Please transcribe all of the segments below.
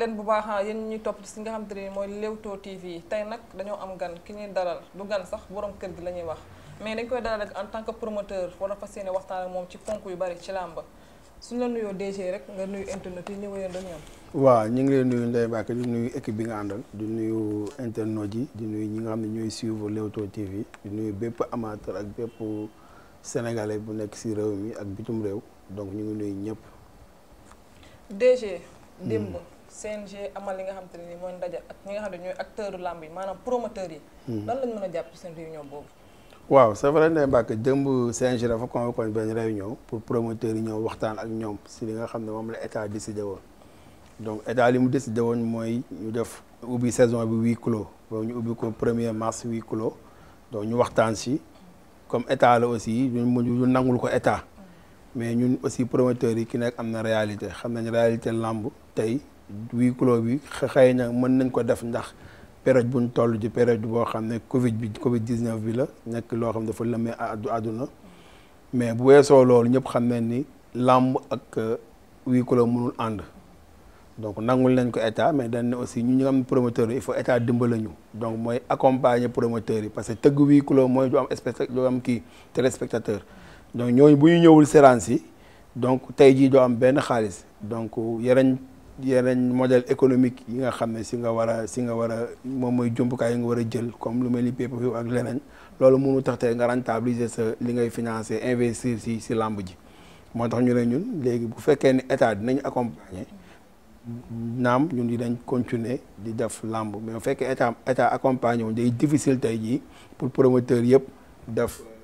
leen bu baax ah, yéen ñi topp ci nga xam te ne mooy Leewtoo TV tey nag dañoo am gan ki ñuy daral du gan sax borom kër gi la ñuy wax mais dañ koy dalal rek en tant que promoteur war a fas yéene waxtaan ak moom ci ponk yu bari ci làmb suñu la nuyoo DG rek nga nuyu internet yi ñëw yéen ñoom. waaw ñu ngi leen nuyu Ndeye Mbacke di nuyu équipe bi nga àndal di nuyu internet yi di nuyu ñi nga xam ne ñooy suivre Leewtoo TV di nuyu bépp amateur ak bépp sénégalais bu nekk si réew mi ak bitum réew donc ñu ngi nuyu ñëpp. DG. démb. Hmm. CNG amal li nga xam te ne mooy ndaje ak ñi nga xam ne ñooy acteurs yu làmb yi maanaam promoteurs yi. Mhm. lan lañ mën a jàpp seen réunion pour promoteurs yi ñëw waxtaan ak ñoom si li nga xam ne moom la état décidé woon donc état li mu décidé woon mooy ñu def ubbi saison bi huis clos ñu ubbi ko premier mars huis clos donc ñu waxtaan si comme état la aussi ñu ñu nangul ko état mhm. mais ñun aussi promoteurs yi ki nekk am na réalité xam nañ réalité làmb tey. huis clos bi xëy na mën nañ ko def ndax période bu toll ci période boo xam ne Covid bi Covid 19 bi la nekk loo xam dafa lëmmee addu àdduna mais bu weesoo loolu ñëpp xam nañ ni làmb ak euh, huis clos mënul ànd donc nangul leen ko état mais dañ aussi ñu ñu am promoteur il faut état dimbala ñu donc mooy accompagner promoteurs yi parce que tëgg huis clos mooy du am spectateur du am kii téléspectateur donc ñooñu bu ñëwul séance yi donc tey jii doo am benn xaalis donc yeneen yeneen modèle économique yi nga xam ne si nga war a si nga war a moom mooy jumtukaay yi nga war a jël comme lu mel ni PPV ak leneen loolu mënu tax te nga rentabiliser sa li ngay financé investir si si làmb ji moo tax ñu ne ñun léegi bu fekkee ni état dinañ accompagner naam ñun di dañ continuer di def làmb mais bu fekkee état état accompagner wu day difficile tey jii pour promoteur yëpp def. Mm-hmm.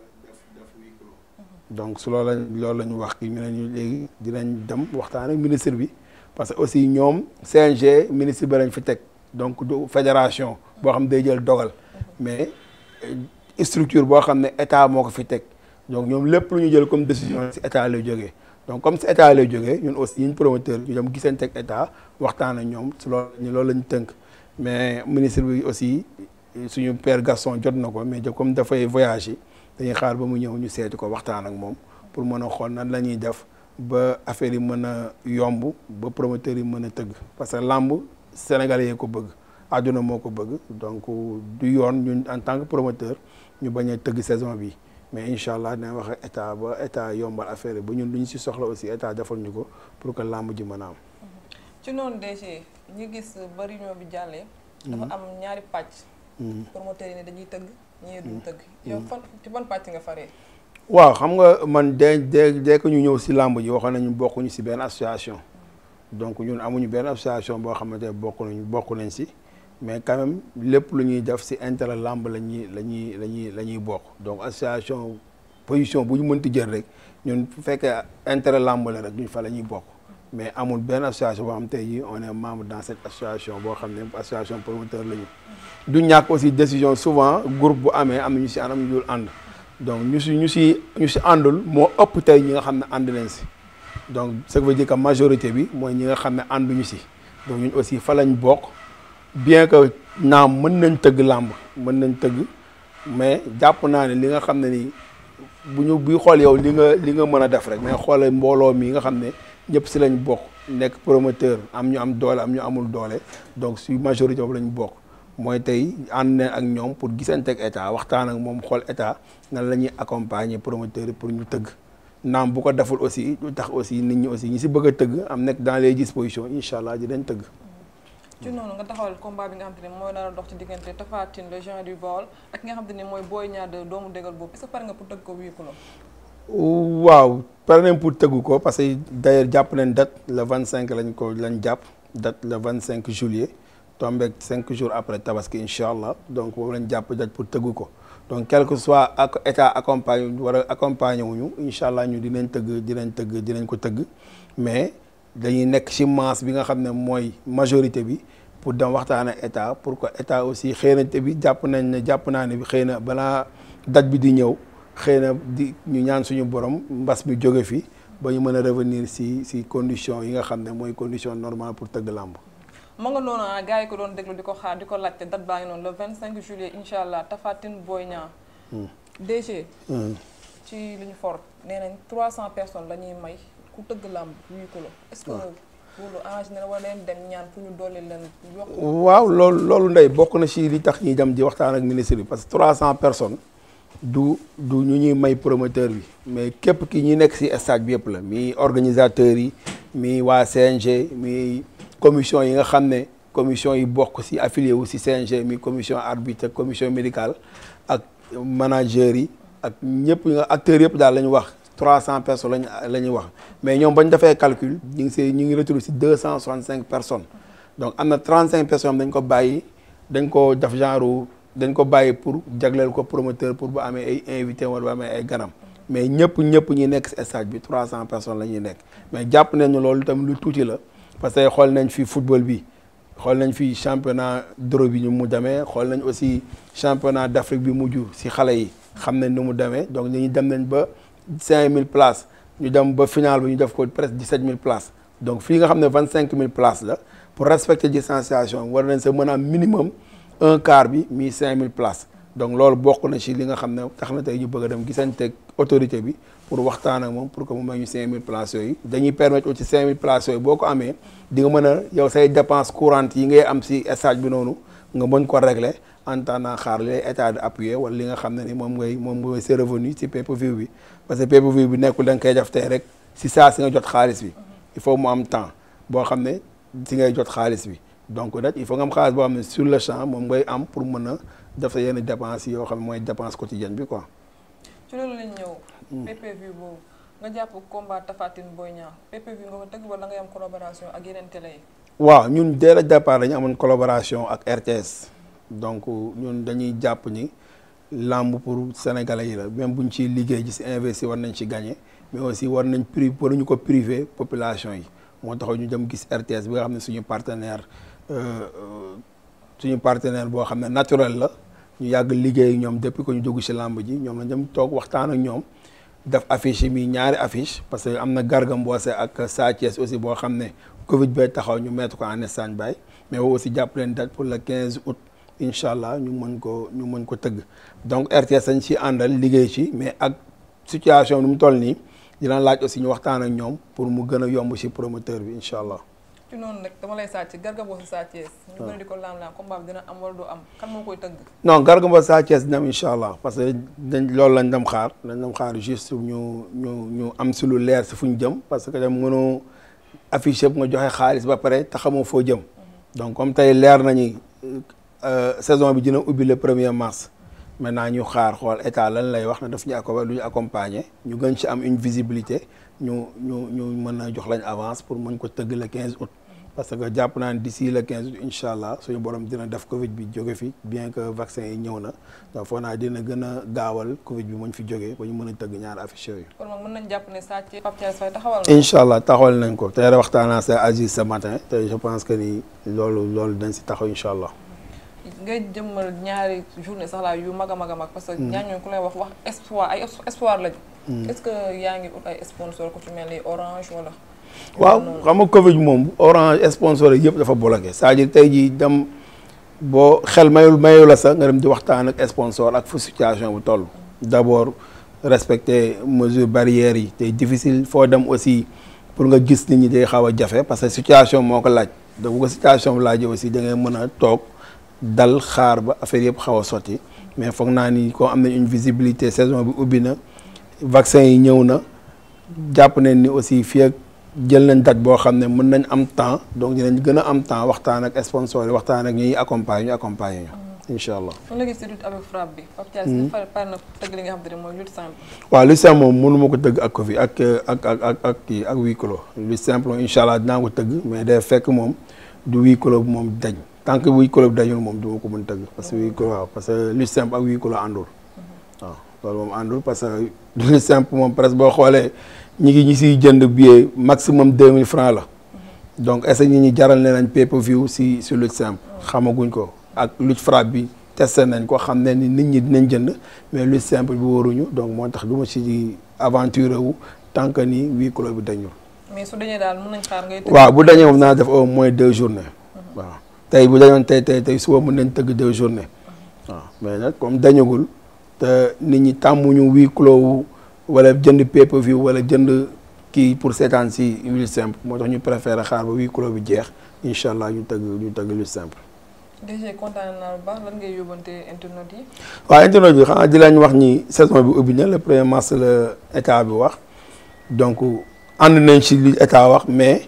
donc su loola la la ñu wax ki ñu ne ñu léegi dinañ dem waxtaan ak ministre bi. parce que aussi ñoom CNG ministre bi lañ fi teg donc do fédération boo xam day jël dogal mais euh, structure boo xam ne état moo ko fi teg donc ñoom lépp lu ñu jël comme décision si état lay jógee donc comme si état lay jógee ñun aussi ñu promoteur ñu dem gisante ak état waxtaan ak ñoom si loolu loolu la ñu tënk mais ministre bi aussi suñu père Gaston jot na ko mais comme dafay voyager dañuy xaar ba mu ñëw ñu seeti ko waxtaan ak moom pour mën a xool nan la ñuy def. ba affaire yi mën a yomb ba promoteur yi mën a tëgg parce que làmb sénégalais yee ko bëgg àdduna moo ko bëgg donc du yoon ñun en tant que promoteur ñu bañ a tëgg saison bi mais incha allah dina wax état ba état yombal affaire yi ba ñun lu si soxla aussi état defal ñu ko pour que làmb ji mën a am. ci noonu DG ñu gis ba réunion bi jàllee. dafa mhm. am ñaari pàcc. Mhm. promoteurs yi ne dañuy tëgg. ñii duñ mhm. tëgg. yow fan ci pàcc nga faree. waaw xam nga man de de dès ñu ñëw si làmb ji waxoon nañu bokkuñu si benn association donc ñun amuñu benn association boo xamante ne bokk nañu bokk nañ si mais quand même lépp lu ñuy def si intérêt làmb la ñuy la ñuy la ñuy la ñuy bokk donc association position bu ñu mënti jël rek ñun bu fekkee intérêt làmb la rek ñu fa la ñuy bokk mais amul benn association boo xam tey jii on est membre dans cette association boo xam ne association promoteur la ñu. du ñàkk aussi décision souvent groupe bu amee am na ñu si anam ñu dul ànd. donc ñu si ñu si ñu si àndul moo ëpp tey ñi nga xam ne ànd nañ si donc ce qui veut dire majorité bi mooy ñi nga xam ne ànduñu si donc ñun aussi fa lañ bokk bien que naam mën nañ tëgg làmb mën nañ tëgg mais jàpp naa ne li nga xam ne ni bu ñu buy xool yow li nga li nga mën a def rek mais xoolal mbooloo mi nga xam ne ñëpp si lañ bokk nekk promoteur am ñu am doole am ñu amul doole donc si majorité boobu lañ bokk. mooy tey ànd na ak ñoom pour gisante ak état waxtaan ak moom xool état nan la ñuy accompagner promoteur pour ñu tëgg naam bu ko deful aussi lu tax aussi nit ñi aussi ñi si bëgg a tëgg am nekk dans les dispositions incha allah dinañ tëgg. ci noonu nga taxawal combat bi nga xam te ne mooy nar dox ci diggante Tapha Tine le du Baol ak nga xam te ne mooy Boy Niang doomu dëggal boobu est-ce que pare nga pour tëgg ko wii ko waaw pare nañ pour tëgg ko parce que d'ailleurs jàpp nañ date le 25 lañ ko lañ jàpp date le 25 juillet. tombeek cinq jours après tabaski incha allah donc moom lañ jàpp daj pour tëgg ko donc quelque que soit ak état accompagne war a accompagner wuñu incha allah ñu dinañ tëgg dinañ tëgg dinañ ko tëgg mais dañuy nekk ci masse bi nga xam ne mooy majorité bi pour dem waxtaan ak état pour que état aussi xëy na te jàpp nañ ne jàpp naa ne bi xëy na balaa daj bi di ñëw xëy na di ñu ñaan suñu borom mbas mi jóge fii ba ñu mën a revenir si si condition yi nga xam ne mooy condition normal pour tëgg làmb ma nga noonu ah gars yi ko doon déglu di ko xaar di ko laajte date baa ngi noonu le 25 juillet incha allah Tapha Tine Boy Niang. Hmm. DG. Hmm. ci li ñu for nee nañ 300 personnes la ñuy may ku tëgg làmb wuyu ko la. est-ce que hmm. dem ñaan ñu dolli leen yokk. waaw loolu loolu ndey bokk na si li tax ñuy dem di waxtaan ak ministre bi parce que 300 personnes. du du ñu ñuy may promoteur bi mais képp ki ñuy nekk ci stade bi yëpp la mi organisateurs yi mi waa CNG mi. commission yi nga xam ne commission yi bokk si affilié wu ci CNG mi commission arbitre commission médicale ak manager yi ak ñëpp nga acteurs yëpp daal la ñu wax trois cent personnes lañu la ñuy wax mais ñoom ba ñu defee calcul ñu ngi see ñu ngi retrouvé ci deux cent soixante cinq personnes donc am na trente cinq personnes dañ ko bàyyi dañ ko def genre dañ ko bàyyi pour jagleel ko promoteur pour bu amee ay invité wala bu amee ay ganam mais ñëpp ñëpp ñi nekk si stage bi trois cent personnes la ñuy nekk mais jàpp nañu loolu tamit lu tuuti la. parce que xool nañ fi football bi xool nañ fi championnat d'Europe bi ñu mu demee xool nañ aussi championnat d'Afrique bi mu mujj si xale yi xam nañ ni mu demee donc ñu dem nañ ba cinq mille places ñu dem ba final bi ñu def ko presque dix-sept mille places donc fi nga xam ne vingt cinq mille places la pour respecter distanciation war nañ sa mën a minimum un quart bi mi cinq mille places donc loolu bokk na ci li nga xam ne tax na tey ñu bëgg a dem gisanteeg autorité bi pour waxtaan ak moom pour que mu may ñu 5000 places yooyu dañuy permettre ci 5000 places yooyu boo ko amee nga mën a yow say dépenses courantes yi ngay am si stage bi noonu nga mën ko régler en attendant xaar li lay état di appuyer wala li nga xam ne ni moom ngay moom mooy sa revenu ci pay-per-view bi parce que pay view bi nekkul da nga koy def tey rek si saa si nga jot xaalis bi il faut mu am temps boo xam ne si ngay jot xaalis bi donc nag il faut nga am xaalis boo xam ne sur le champ moom ngay am pour mën a def sa yenn yoo xam ne mooy dépense quotidienne bi quoi ci lañ ñëw. PPV boobu nga jàpp combat Tafatine Boy Niang PPV nga ko tëgg wala ngay am collaboration ak yeneen waaw ñun dès le départ dañu amoon collaboration ak RTS donc ñun dañuy jàpp ñi làmb pour sénégale yi la même buñ ciy liggéey ci si investi war nañ ci gagné mais aussi war nañ pri waruñu ko privé population yi moo tax ñu dem gis RTS bi nga xam ne suñu partenaire euh, euh, suñu partenaire boo xam ne naturel la. ñu yàgg liggéey ñoom depuis que ñu dugg si làmb ji ñoom la dem toog waxtaan ak ñoom def affice yi muy ñaari affice parce que am na Garga see ak Sa Thiès aussi boo xam ne Covid bay taxaw ñu mettre ko en stand by mais woo aussi jàpp leen date pour le quinze août incha allah ñu mën ko ñu mën ko tëgg donc RTS dañ si àndal liggéey ci mais ak situation nu mu toll nii dina laaj aussi ñu waxtaan ak ñoom pour mu gën a yomb si promoteur bi incha allah. ci noonu nag dama lay sàcc Garga Mbossé Sa Thiès. Ah. ñu bëri di ko laam-laam combat bi dina am wala du am kan moo koy tëgg. non Garga Mbossé Sa Thiès dina am incha allah parce que dañ loolu lañ dem xaar lañ dem juste ñu ñu ñu am si lu leer si fu ñu jëm parce que dem mënoo affiché bu nga joxe xaalis ba pare te xamoo foo jëm. Mm-hmm. donc comme tey leer nañu euh, saison bi dina ubbi le premier mars. maintenant ñu xaar xool état lan lay wax ne def ñu accompagner lu ñu gën ci am une visibilité ñu ñu ñu mën a jox lañ avance pour mën ko tëgg le 15 parce que jàpp naa ne di le 15 août incha allah suñu borom dina def Covid bi jóge fi bien que vaccin yi ñëw na donc naa dina gën a gaawal Covid bi muñ fi jógee ba ñu mën a tëgg ñaar affiche yooyu. kon ne saa ci Pape taxawal incha allah taxawal nañ ko tey waxtaan naa sa Aziz ce matin te je pense que ni loolu loolu dañ si taxaw incha allah. nga jëmmal ñaari journée sax la yu mag a mag a mag parce que mm. ñaar ñooñu lay wax wax espoir ay espoir lañu. Mm. est-ce que yaa ngi ut ay sponsor ku waaw xam nga Covid moom orange sponsor yëpp dafa bloqué c'est-à-dire tey jii dem boo xel mayul mayu la sax nga dem di waxtaan ak sponsor ak fu situation bu toll. d'abord respecter mesures barrières yi tey difficile foo dem aussi pour nga gis nit ñi day xaw a jafe parce que situation moo ko laaj donc bu ko situation laajee aussi da ngay mën a toog. dal xaar ba affaire yëpp xaw a sotti mais foog naa ni ko am nañ une visibilité saison bi ubbi na vaccin yi ñëw na jàpp ne ni aussi fii ak jël nañ date boo xam ne mën nañ am temps donc dinañ gën a am temps waxtaan ak sponsor yi waxtaan ak ñuy accompagner ñu accompagner ñu. incha allah. fan la gis hmm? ma ko tëgg ak ko fi ak ak allah dinaa ko tëgg mais day fekk moom du huis clos moom dañ. tant que wuy kolo bi dañul moom du ko mën tëgg parce que wuy kolo waaw parce waaw moom àndul parce que lutte simple moom presque boo xoolee ñi ngi ñi siy jënd billet maximum deux mille francs la donc est-ce que ñi ñi jaral ne nañ pay-per-view si si lutte simple xamaguñ ko ak lutte frappe bi testé nañ ko xam ne ni nit ñi dinañ jënd mais lutte simple bi waruñu donc moo tax du ma si aventure wu tant que ni huis clos bi dañul. mais su dañee daal mën nañ xaar waaw bu dañee moom naa def au moins deux journées mm-hmm. tey bu dañoon tey tey tey suba mu nañ tëgg deux journées waaw ah, mais nag comme dañagul te nit ñi tàmmuñu huis clos wala jënd pay view wala jënd kii pour seetaan si lutte simple moo tax ñu préféré xaar ba huis clos bi jeex incha allah ñu tëgg ñu tëgg lu simple. déjà kontaan naa bu baax lan ngay yóbbante internet yi. waa internet bi xanaa di lañ wax ni saison bi ubbi na le premier mars la état bi wax donc ànd nañ si li état wax mais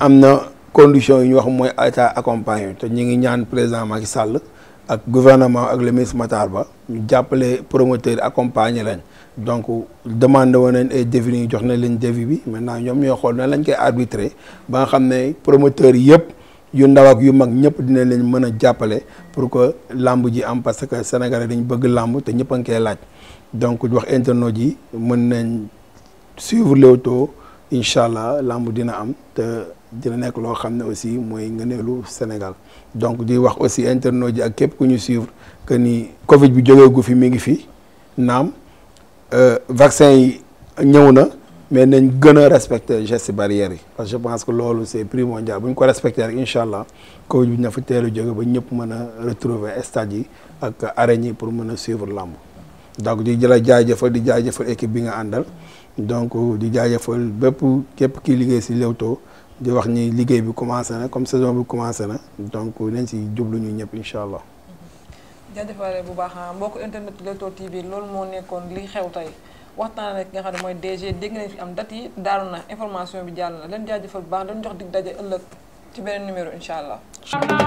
am na. conditions yi ñu wax mooy état accompagné te ñu ngi ñaan président Macky Sall ak gouvernement ak le ministre Matar Ba ñu jàppale promoteur accompagné lañ donc demande woon nañ ay devis yi jox nañ leen devis bi maintenant ñoom ñoo xool na lañ koy arbitré ba nga xam ne promoteurs yëpp yu ndaw yu mag ñëpp dina leen mën a jàppale pour que làmb ji am parce que Sénégalais dañ bëgg làmb te ñëpp a ngi koy laaj donc wax internautes yi mën nañ suivre Leewtoo incha allah làmb dina am dina nekk loo xam ne aussi mooy lu Sénégal donc di wax aussi internautes ji ak képp ku ñu suivre que nii Covid bi jógeegu fi mi ngi fi naam euh, vaccin yi ñëw na mais nañ gën a respecter gestes barrières yi parce que je pense que loolu c'est primordial bu ñu ko respecter rek incha allah Covid bi na fa teel a jóge ba ñëpp mën a retrouver stade yi ak arène yi pour mën a suivre làmb donc di jëla jaajëfal di jaajëfal équipe bi nga àndal donc di jaajëfal bépp képp kiy liggéey si Leewtoo di wax ni liggéey bi commencé na comme saison bi commencé na donc nañ si lu ñu ñëpp incha allah. jaajëfal bu baax ah, mbokku internet Leewtoo TV loolu moo nekkoon li xew tey waxtaan ak nga xam ne mooy DG dégg nañ fi am date yi daaru na information bi jàll na leen jaajëfal bu baax leen jox dig daje ëllëg ci beneen numéro incha allah.